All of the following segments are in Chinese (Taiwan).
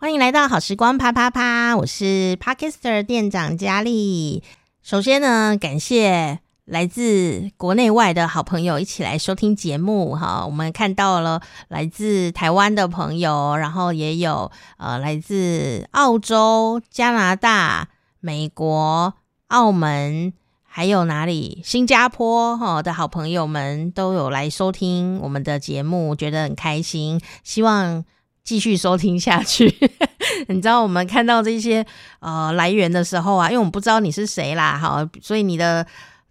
歡迎來到好時光啪啪啪！我是 Parkister 店長佳麗。首先呢，感謝來自國內外的好朋友一起來收聽節目哈。我們看到了來自台灣的朋友，然後也有呃來自澳洲、加拿大、美國、澳門，還有哪裡新加坡哈、哦、的好朋友們都有來收聽我們的節目，覺得很開心，希望，繼續收聽下去， 你知道我們看到這些呃來源的時候啊，因為我們不知道你是誰啦，好，所以你的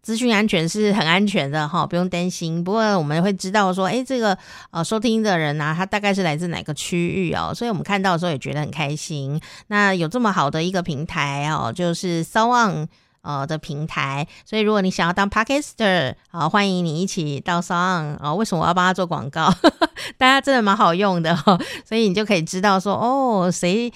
資訊安全是很安全的哈，不用擔心。不過我們會知道說，誒、欸，這個呃收聽的人呢、啊，他大概是來自哪個區域哦、喔，所以我們看到的時候也覺得很開心。那有這麼好的一個平台哦、喔，就是 SoundOn。呃的平台，所以如果你想要當 Podcaster，好、呃、歡迎你一起到上。哦，為什麼我要幫他做廣告？大 家真的蠻好用的呵呵，所以你就可以知道說，哦，誰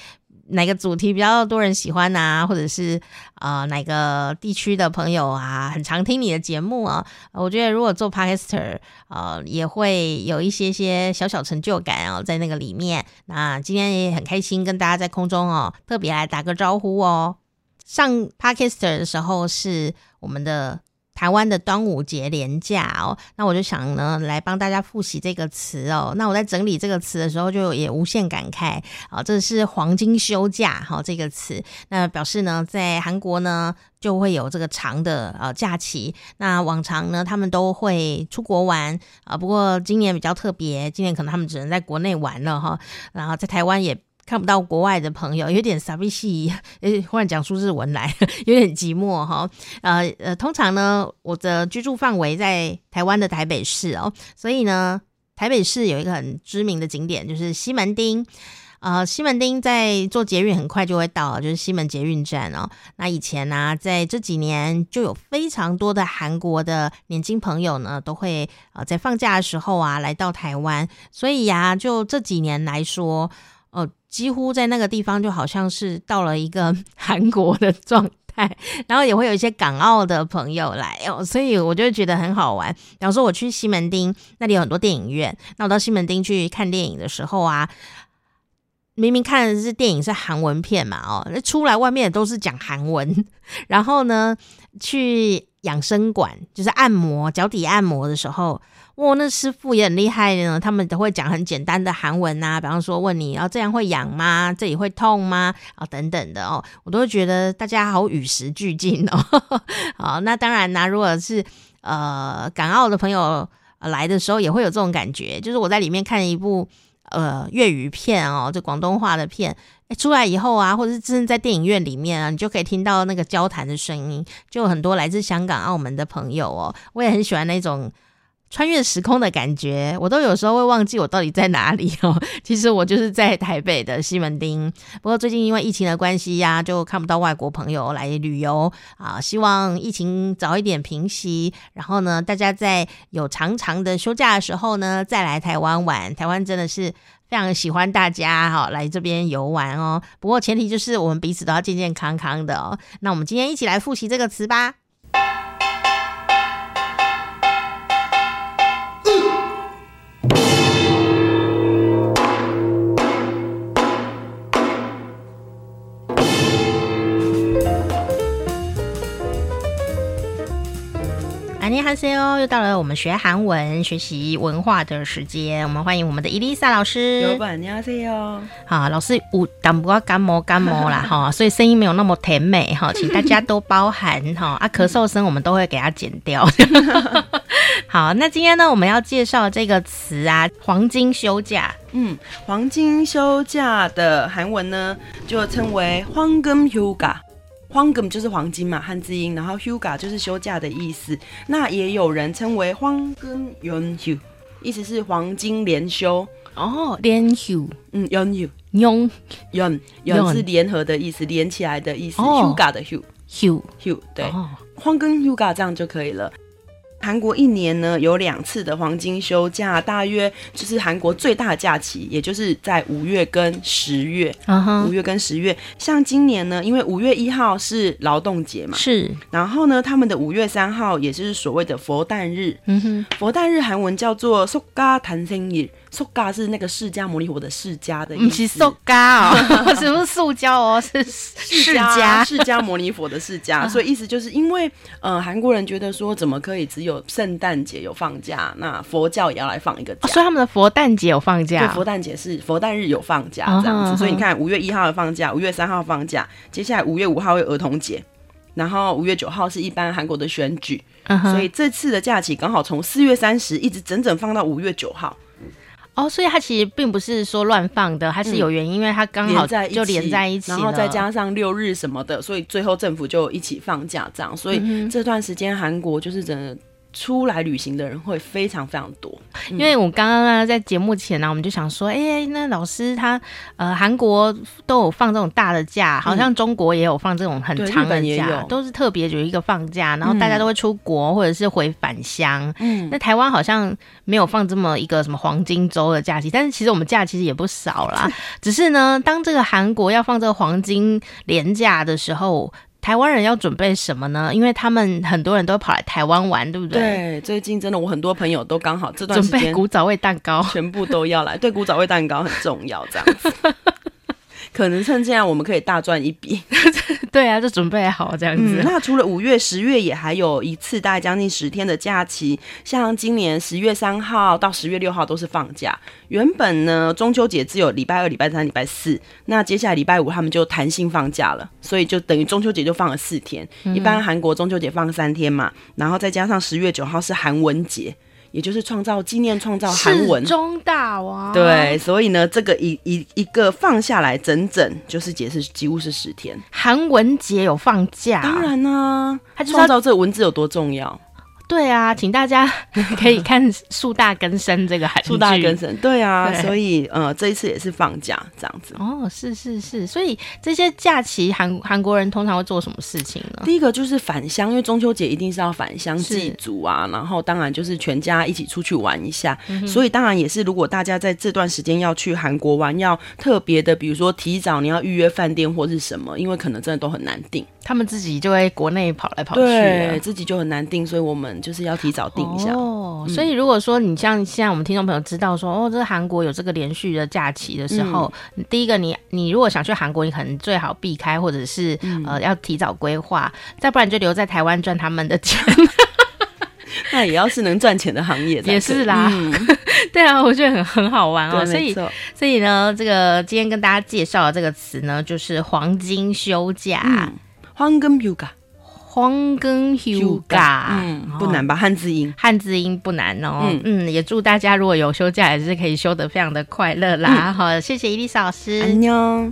哪個主題比較多人喜歡啊，或者是呃哪個地區的朋友啊，很常聽你的節目啊。呃、我覺得如果做 Podcaster 呃，也會有一些些小小成就感哦，在那個裡面。那今天也很開心跟大家在空中哦，特別來打個招呼哦。上 Podcast 的時候是我們的台灣的端午節連假哦，那我就想呢，來幫大家復習這個詞哦。那我在整理這個詞的時候就也無限感慨啊、哦，這是黃金休假哈、哦、這個詞，那表示呢，在韓國呢就會有這個長的呃、哦、假期。那往常呢，他們都會出國玩啊、哦，不過今年比較特別，今年可能他們只能在國內玩了哈、哦。然後在台灣也。看不到國外的朋友，有點 sabishi，欸，忽然講出日文來，有點寂寞哈。呃呃，通常呢，我的居住範圍在台灣的台北市哦，所以呢，台北市有一個很知名的景點就是西門町。呃，西門町在坐捷運很快就會到，就是西門捷運站哦。那以前呢，在這幾年就有非常多的韓國的年輕朋友呢，都會呃在放假的時候啊來到台灣，所以呀，就這幾年來說。幾乎在那個地方就好像是到了一個韓國的狀態，然後也會有一些港澳的朋友來哦，所以我就覺得很好玩。比方說我去西門町，那裡有很多電影院，那我到西門町去看電影的時候啊。明明看的是電影，是韓文片嘛？哦，那出來外面都是講韓文。然後呢，去養生館就是按摩腳底按摩的時候，哇、哦，那師傅也很厲害呢。他們都會講很簡單的韓文啊，比方說問你要、哦、這樣會癢嗎？這裡會痛嗎？啊、哦，等等的哦，我都會覺得大家好與時俱進哦。 那當然啦、啊，如果是呃，港澳的朋友來的時候也會有這種感覺，就是我在裡面看一部。呃，粵語片哦，就廣東話的片，哎，出來以後啊，或者是正在電影院裡面啊，你就可以聽到那個交談的聲音，就很多來自香港、澳門的朋友哦，我也很喜歡那種。穿越時空的感覺，我都有時候會忘記我到底在哪裡哦。其實我就是在台北的西門町，不過最近因為疫情的關係呀、啊，就看不到外國朋友來旅遊啊。希望疫情早一點平息，然後呢，大家在有長長的休假的時候呢，再來台灣玩。台灣真的是非常喜歡大家哈、哦、來這邊遊玩哦。不過前提就是我們彼此都要健健康康的哦。那我們今天一起來複習這個詞吧。嗨喲，又到了我們學韓文、學習文化的時間。我們歡迎我們的伊麗莎老師。老板，你好，嗨喲。好，老師我但不過乾模乾模啦哈，所以聲音沒有那麼甜美哈，請大家多包涵哈。啊，咳嗽聲我們都會給它剪掉。好，那今天呢，我們要介紹這個詞啊，黃金休假。嗯，黃金休假的韓文呢，就稱為황금휴가。黃金就是黃金嘛，漢字音，然後 HUGA 就是休假的意思，那也有人稱為黃金連休，意思是黃金連休哦，連休，嗯，連休、嗯，連、嗯，連、嗯，連是聯合的意思，連起來的意思，HUGA 的休，休，休，對，黃金 HUGA、哦、這樣就可以了。韓國一年呢有兩次的黃金休假，大約就是韓國最大假期，也就是在五月跟十月。Uh huh. 五月跟十月，像今年呢，因為五月一號是勞動節嘛，是，然後呢，他們的五月三號也是所謂的佛誕日。嗯哼，佛誕日韓文叫做 So Soka 是那個釋迦摩尼佛的釋迦的意思。Soka 啊，不是塑膠哦，是釋迦，釋迦摩尼佛的釋迦。 所以意思就是因為，呃，韓國人覺得說，怎麼可以只有聖誕節有放假？那佛教也要來放一個假，哦、所以他們的佛誕節有放假。對，佛誕節是佛誕日有放假這樣子。嗯哼嗯哼，所以你看，五月一號有放假，五月三號放假，接下來五月五號有兒童節，然後五月九號是一般韓國的選舉。嗯、哼所以這次的假期剛好從四月三十一直整整放到五月九號。哦，所以它其實並不是說亂放的，他是有原因，因為它剛好就在就、嗯、連在一起，然後再加上六日什麼的，所以最後政府就一起放假，這樣，所以這段時間韓國就是真的。出來旅行的人會非常非常多，嗯、因為我剛剛呢，在節目前呢、啊，我們就想說，哎、欸，那老師他呃韓國都有放這種大的假，好像中國也有放這種很長的假，嗯、都是特別有一個放假，然後大家都會出國、嗯、或者是回返鄉。嗯，那台灣好像沒有放這麼一個什麼黃金周的假期，但是其實我們假期其實也不少啦，是只是呢，當這個韓國要放這個黃金連假的時候，台灣人要準備什麼呢？因為他們很多人都跑來台灣玩，對不對？對，最近真的，我很多朋友，都剛好這段時間，準備古早味蛋糕，全部都要來，對，古早味蛋糕很重要，這樣子。 可能趁這樣我們可以大賺一筆， 對啊，就準備好這樣子。嗯，那除了五月、十月也還有一次大概將近十天的假期，像今年十月三號到十月六號都是放假。原本呢，中秋節只有禮拜二、禮拜三、禮拜四，那接下來禮拜五他們就彈性放假了，所以就等於中秋節就放了四天。一般韓國中秋節放三天嘛，然後再加上十月九號是韓文節。也就是創造紀念造，創造韓文，世宗大王，對，所以呢，這個一一一個放下來，整整就是解釋幾乎是十天。韓文節有放假，當然呢、啊，他創造這個文字有多重要。對啊，請大家可以看「樹大根深」這個韓劇。樹大根深，對啊，對。所以，呃，這一次也是放假這樣子。哦，是是是，所以這些假期韓韓國人通常會做什麼事情呢？第一個就是返鄉，因為中秋節一定是要返鄉祭祖啊。是然後當然就是全家一起出去玩一下。嗯、哼所以當然也是，如果大家在這段時間要去韓國玩，要特別的，比如說提早你要預約飯店或是什麼，因為可能真的都很難訂。他們自己就在國內跑來跑去，啊對，自己就很難訂。所以我們。就是要提早定一下哦，所以如果說你像現在我們聽眾朋友知道說哦，這個韓國有這個連續的假期的時候，嗯、第一個你你如果想去韓國，你可能最好避開，或者是、嗯、呃要提早規劃，再不然你就留在台灣賺他們的錢。嗯、 那也要是能賺錢的行業，也是啦。嗯、 對啊，我覺得很很好玩哦。對所以錯所以呢，這個今天跟大家介紹的這個詞呢，就是黃金休假。嗯黃金，黃金休，休假，嗯，不難吧？哦、漢字音，漢字音不難哦。嗯嗯，也祝大家如果有休假，也是可以休得非常的快樂啦。嗯、好，謝謝伊麗莎老師，안녕